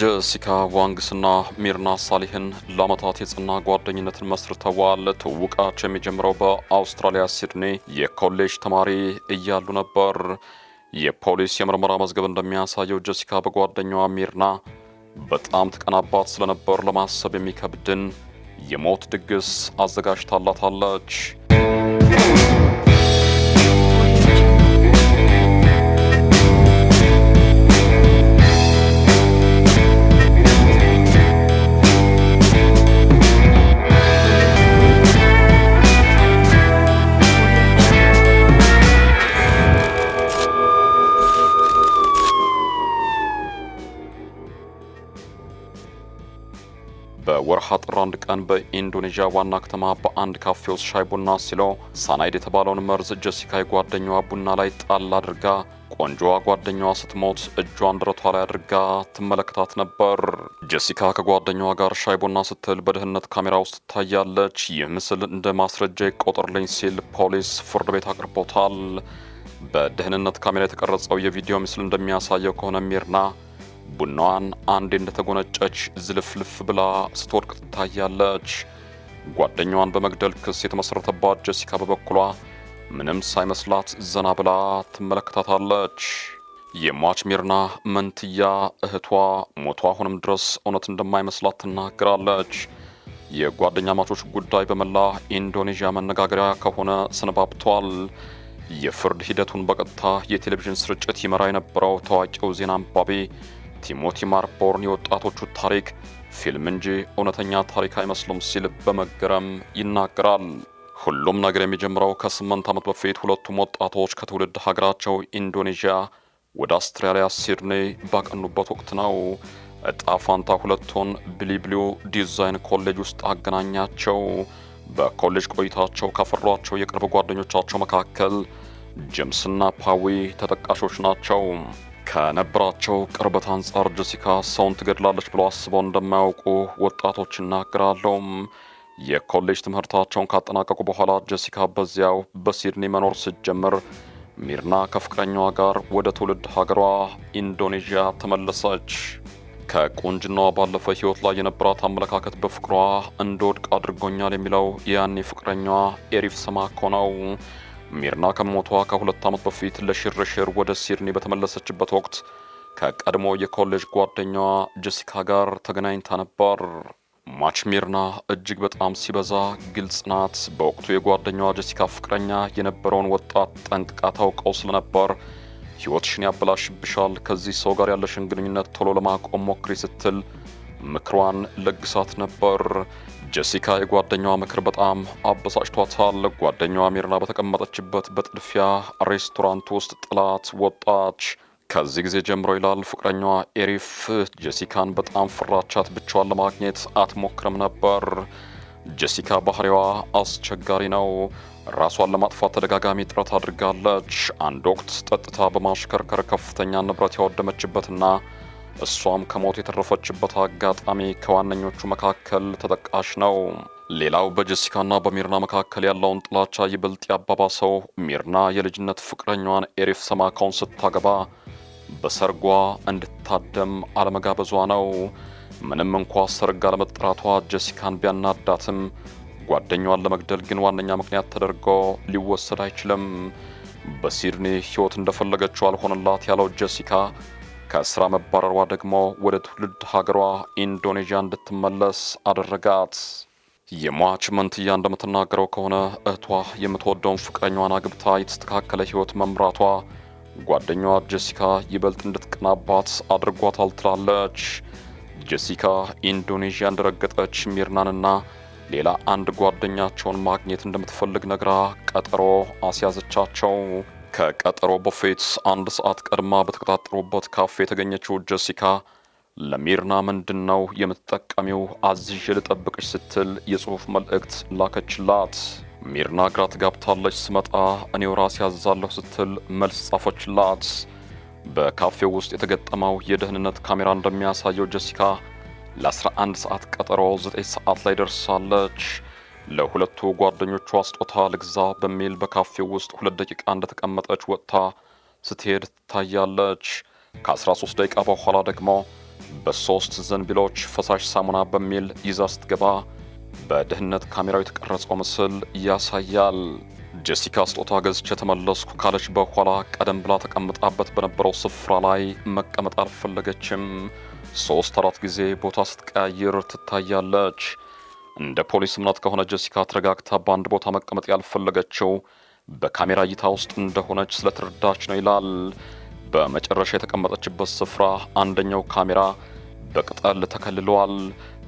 ጀሲካ ዋንግስና ሚርና ሳሊህን ለአመታት የጽና ጓደኝነትን መስርተዋል። ትውውቃቸው የሚጀምረው በአውስትራሊያ ሲድኒ የኮሌጅ ተማሪ እያሉ ነበር። የፖሊስ የምርመራ መዝገብ እንደሚያሳየው ጀሲካ በጓደኛዋ ሚርና በጣም ትቀናባት ስለነበር ለማሰብ የሚከብድን የሞት ድግስ አዘጋጅታላታለች። አንድ ቀን በኢንዶኔዥያ ዋና ከተማ በአንድ ካፌ ውስጥ ሻይ ቡና ሲለው ሳናይድ የተባለውን መርዝ ጀሲካ የጓደኛዋ ቡና ላይ ጣል አድርጋ ቆንጆዋ ጓደኛዋ ስትሞት እጇን ደረቷ ላይ አድርጋ ትመለከታት ነበር። ጀሲካ ከጓደኛዋ ጋር ሻይ ቡና ስትል በደህንነት ካሜራ ውስጥ ትታያለች። ይህ ምስል እንደ ማስረጃ ይቆጠርልኝ ሲል ፖሊስ ፍርድ ቤት አቅርቦታል። በደህንነት ካሜራ የተቀረጸው የቪዲዮ ምስል እንደሚያሳየው ከሆነ ሚርና ቡናዋን አንዴ እንደተጎነጨች ዝልፍልፍ ብላ ስትወድቅ ትታያለች። ጓደኛዋን በመግደል ክስ የተመሠረተባት ጀሲካ በበኩሏ ምንም ሳይመስላት ዘና ብላ ትመለከታታለች። የሟች ሜርና መንትያ እህቷ ሞቷ አሁንም ድረስ እውነት እንደማይመስላት ትናገራለች። የጓደኛ ማቾች ጉዳይ በመላ ኢንዶኔዥያ መነጋገሪያ ከሆነ ሰነባብቷል። የፍርድ ሂደቱን በቀጥታ የቴሌቪዥን ስርጭት ይመራ የነበረው ታዋቂው ዜና አንባቢ ቲሞቲ ማርቦርን የወጣቶቹ ታሪክ ፊልም እንጂ እውነተኛ ታሪክ አይመስልም ሲል በመገረም ይናገራል። ሁሉም ነገር የሚጀምረው ከስምንት ዓመት በፊት ሁለቱም ወጣቶች ከትውልድ ሀገራቸው ኢንዶኔዥያ ወደ አውስትራሊያ ሲድኔ ባቀኑበት ወቅት ነው። እጣ ፋንታ ሁለቱን ብሊብሊ ዲዛይን ኮሌጅ ውስጥ አገናኛቸው። በኮሌጅ ቆይታቸው ካፈሯቸው የቅርብ ጓደኞቻቸው መካከል ጅምስና ፓዊ ተጠቃሾች ናቸው። ከነበራቸው ቅርበት አንጻር ጀሲካ ሰውን ትገድላለች ብለው አስበው እንደማያውቁ ወጣቶች ይናገራሉ። የኮሌጅ ትምህርታቸውን ካጠናቀቁ በኋላ ጀሲካ በዚያው በሲድኒ መኖር ስትጀምር ሚርና ከፍቅረኛዋ ጋር ወደ ትውልድ ሀገሯ ኢንዶኔዥያ ተመለሰች። ከቁንጅናዋ ባለፈ ሕይወት ላይ የነበራት አመለካከት በፍቅሯ እንደወድቅ አድርጎኛል የሚለው ያኔ ፍቅረኛዋ ኤሪፍ ሰማኮ ነው። ሚርና ከሞቷ ከሁለት ዓመት በፊት ለሽርሽር ወደ ሲድኒ በተመለሰችበት ወቅት ከቀድሞ የኮሌጅ ጓደኛዋ ጀሲካ ጋር ተገናኝታ ነበር። ማች ሚርና እጅግ በጣም ሲበዛ ግልጽ ናት። በወቅቱ የጓደኛዋ ጀሲካ ፍቅረኛ የነበረውን ወጣት ጠንቅቃ ታውቀው ስለነበር ሕይወትሽን ያበላሽብሻል፣ ከዚህ ሰው ጋር ያለሽን ግንኙነት ቶሎ ለማቆም ሞክሪ ስትል ምክሯን ለግሳት ነበር። ጀሲካ የጓደኛዋ ምክር በጣም አበሳጭቷታል። ጓደኛዋ ሚርና በተቀመጠችበት በጥድፊያ ሬስቶራንት ውስጥ ጥላት ወጣች። ከዚህ ጊዜ ጀምሮ ይላል ፍቅረኛዋ ኤሪፍ ጀሲካን በጣም ፍራቻት። ብቻዋን ለማግኘት አትሞክርም ነበር። ጀሲካ ባህሪዋ አስቸጋሪ ነው። ራሷን ለማጥፋት ተደጋጋሚ ጥረት አድርጋለች። አንድ ወቅት ጠጥታ በማሽከርከር ከፍተኛ ንብረት ያወደመችበትና እሷም ከሞት የተረፈችበት አጋጣሚ ከዋነኞቹ መካከል ተጠቃሽ ነው። ሌላው በጀሲካና በሚርና መካከል ያለውን ጥላቻ ይበልጥ ያባባሰው ሚርና የልጅነት ፍቅረኛዋን ኤሪፍ ሰማካውን ስታገባ በሰርጓ እንድታደም አለመጋበዟ ነው። ምንም እንኳ ሰርግ አለመጥራቷ ጀሲካን ቢያናዳትም ጓደኛዋን ለመግደል ግን ዋነኛ ምክንያት ተደርጎ ሊወሰድ አይችልም። በሲድኒ ሕይወት እንደፈለገችው አልሆነላት ያለው ጀሲካ ከስራ መባረሯ ደግሞ ወደ ትውልድ ሀገሯ ኢንዶኔዥያ እንድትመለስ አደረጋት። የሟች መንትያ እንደምትናገረው ከሆነ እህቷ የምትወደውን ፍቅረኛዋን አግብታ የተስተካከለ ህይወት መምራቷ ጓደኛዋ ጀሲካ ይበልጥ እንድትቀናባት አድርጓታል ትላለች። ጀሲካ ኢንዶኔዥያ እንደረገጠች ሚርናንና ሌላ አንድ ጓደኛቸውን ማግኘት እንደምትፈልግ ነግራ ቀጠሮ አስያዘቻቸው። ከቀጠሮ ቦፌት አንድ ሰዓት ቀድማ በተቀጣጠሩበት ካፌ የተገኘችው ጀሲካ ለሚርና ምንድን ነው የምትጠቀሚው? አዝዥ ልጠብቅሽ ስትል የጽሑፍ መልእክት ላከችላት። ሚርና ግራ ትጋብታለች ስመጣ እኔው ራሴ ያዛለሁ ስትል መልስ ጻፈችላት። በካፌው ውስጥ የተገጠመው የደህንነት ካሜራ እንደሚያሳየው ጀሲካ ለ11 ሰዓት ቀጠሮ 9 ሰዓት ላይ ደርሳለች። ለሁለቱ ጓደኞቿ ስጦታ ልግዛ በሚል በካፌው ውስጥ ሁለት ደቂቃ እንደተቀመጠች ወጥታ ስትሄድ ትታያለች። ከ13 ደቂቃ በኋላ ደግሞ በሶስት ዘንቢሎች ፈሳሽ ሳሙና በሚል ይዛ ስትገባ በድህነት ካሜራው የተቀረጸው ምስል ያሳያል። ጄሲካ ስጦታ ገዝቼ ተመለስኩ ካለች በኋላ ቀደም ብላ ተቀምጣበት በነበረው ስፍራ ላይ መቀመጥ አልፈለገችም። ሶስት አራት ጊዜ ቦታ ስትቀያይር ትታያለች። እንደ ፖሊስ እምነት ከሆነ ጀሲካ ተረጋግታ በአንድ ቦታ መቀመጥ ያልፈለገችው በካሜራ እይታ ውስጥ እንደሆነች ስለተረዳች ነው ይላል። በመጨረሻ የተቀመጠችበት ስፍራ አንደኛው ካሜራ በቅጠል ተከልሏል።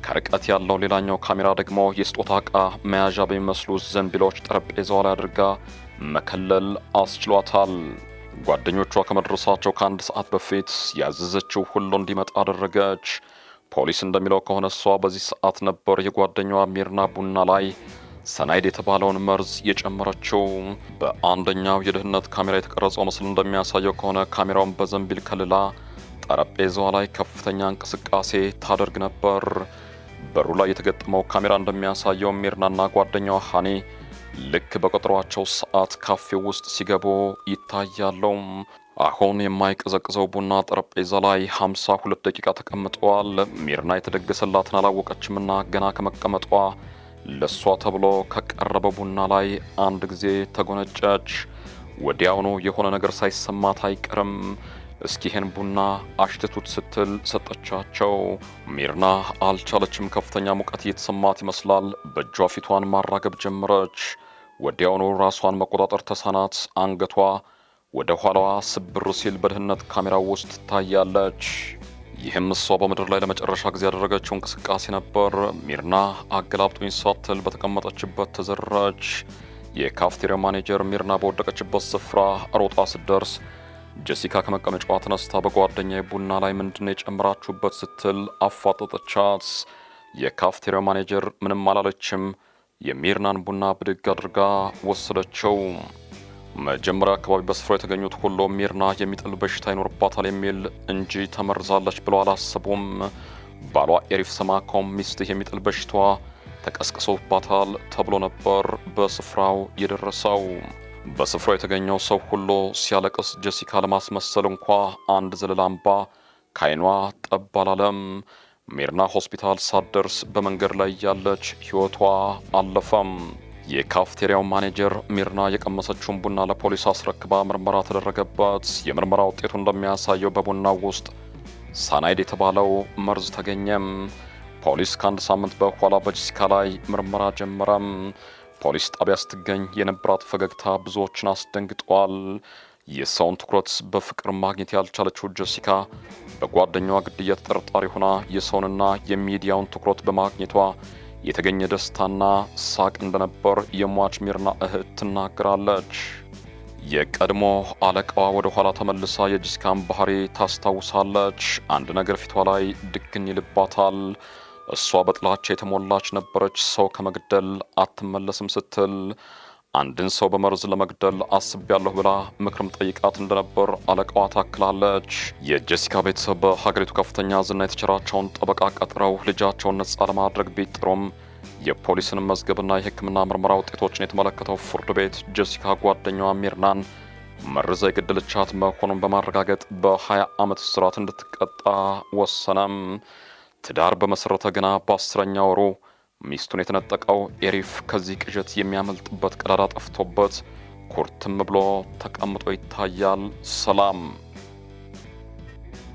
ከርቀት ያለው ሌላኛው ካሜራ ደግሞ የስጦታ ዕቃ መያዣ በሚመስሉ ዘንቢሎች ጠረጴዛዋ ላይ አድርጋ መከለል አስችሏታል። ጓደኞቿ ከመድረሳቸው ከአንድ ሰዓት በፊት ያዘዘችው ሁሉ እንዲመጣ አደረገች። ፖሊስ እንደሚለው ከሆነ እሷ በዚህ ሰዓት ነበር የጓደኛዋ ሚርና ቡና ላይ ሰናይድ የተባለውን መርዝ የጨመረችው። በአንደኛው የደህንነት ካሜራ የተቀረጸው ምስል እንደሚያሳየው ከሆነ ካሜራውን በዘንቢል ከልላ ጠረጴዛዋ ላይ ከፍተኛ እንቅስቃሴ ታደርግ ነበር። በሩ ላይ የተገጠመው ካሜራ እንደሚያሳየው ሚርናና ጓደኛዋ ሃኔ ልክ በቀጠሯቸው ሰዓት ካፌ ውስጥ ሲገቡ ይታያለው። አሁን የማይቀዘቅዘው ቡና ጠረጴዛ ላይ 52 ደቂቃ ተቀምጧል። ሚርና የተደገሰላትን አላወቀችምና ገና ከመቀመጧ ለሷ ተብሎ ከቀረበ ቡና ላይ አንድ ጊዜ ተጎነጨች። ወዲያውኑ የሆነ ነገር ሳይሰማት አይቀርም። እስኪ ይህን ቡና አሽትቱት ስትል ሰጠቻቸው። ሚርና አልቻለችም። ከፍተኛ ሙቀት እየተሰማት ይመስላል። በእጇ ፊቷን ማራገብ ጀመረች። ወዲያውኑ ራሷን መቆጣጠር ተሳናት። አንገቷ ወደ ኋላዋ ስብር ሲል በደህንነት ካሜራው ውስጥ ትታያለች። ይህም እሷ በምድር ላይ ለመጨረሻ ጊዜ ያደረገችው እንቅስቃሴ ነበር። ሚርና አገላብጡኝ ሳትል በተቀመጠችበት ተዘረች የካፍቴሪያ ማኔጀር ሚርና በወደቀችበት ስፍራ ሮጣ ስደርስ ጀሲካ ከመቀመጫዋ ተነስታ በጓደኛ ቡና ላይ ምንድነው የጨምራችሁበት ስትል አፋጠጠቻት። የካፍቴሪያ ማኔጀር ምንም አላለችም። የሚርናን ቡና ብድግ አድርጋ ወሰደችው። መጀመሪያ አካባቢ በስፍራው የተገኙት ሁሉም ሚርና የሚጥል በሽታ ይኖርባታል የሚል እንጂ ተመርዛለች ብለው አላሰቡም። ባሏ ኤሪፍ ሰማኮም ሚስትህ የሚጥል በሽታዋ ተቀስቅሶባታል ተብሎ ነበር በስፍራው የደረሰው። በስፍራው የተገኘው ሰው ሁሉ ሲያለቅስ ጀሲካ ለማስመሰል እንኳ አንድ ዘለላ እንባ ከዓይኗ ጠብ አላለም። ሚርና ሆስፒታል ሳትደርስ በመንገድ ላይ ያለች ህይወቷ አለፈም። የካፍቴሪያው ማኔጀር ሚርና የቀመሰችውን ቡና ለፖሊስ አስረክባ ምርመራ ተደረገባት። የምርመራ ውጤቱ እንደሚያሳየው በቡናው ውስጥ ሳናይድ የተባለው መርዝ ተገኘም። ፖሊስ ከአንድ ሳምንት በኋላ በጄሲካ ላይ ምርመራ ጀመረም። ፖሊስ ጣቢያ ስትገኝ የነበራት ፈገግታ ብዙዎችን አስደንግጧል። የሰውን ትኩረት በፍቅር ማግኘት ያልቻለችው ጄሲካ በጓደኛዋ ግድያ ተጠርጣሪ ሆና የሰውንና የሚዲያውን ትኩረት በማግኘቷ የተገኘ ደስታና ሳቅ እንደነበር የሟች ሚርና እህት ትናገራለች። የቀድሞ አለቃዋ ወደ ኋላ ተመልሳ የጂሲካን ባህሪ ታስታውሳለች። አንድ ነገር ፊቷ ላይ ድግን ይልባታል። እሷ በጥላቻ የተሞላች ነበረች። ሰው ከመግደል አትመለስም ስትል አንድን ሰው በመርዝ ለመግደል አስቤያለሁ ብላ ምክርም ጠይቃት እንደነበር አለቃዋ ታክላለች። የጄሲካ ቤተሰብ በሀገሪቱ ከፍተኛ ዝና የተቸራቸውን ጠበቃ ቀጥረው ልጃቸውን ነጻ ለማድረግ ቢጥሩም የፖሊስን መዝገብና የሕክምና ምርመራ ውጤቶችን የተመለከተው ፍርድ ቤት ጄሲካ ጓደኛዋ ሚርናን መርዛ የገደለቻት መሆኑን በማረጋገጥ በ20 ዓመት እስራት እንድትቀጣ ወሰነም። ትዳር በመሰረተ ገና በአስረኛ ወሩ ሚስቱን የተነጠቀው ኤሪፍ ከዚህ ቅዠት የሚያመልጥበት ቀዳዳ ጠፍቶበት ኩርትም ብሎ ተቀምጦ ይታያል። ሰላም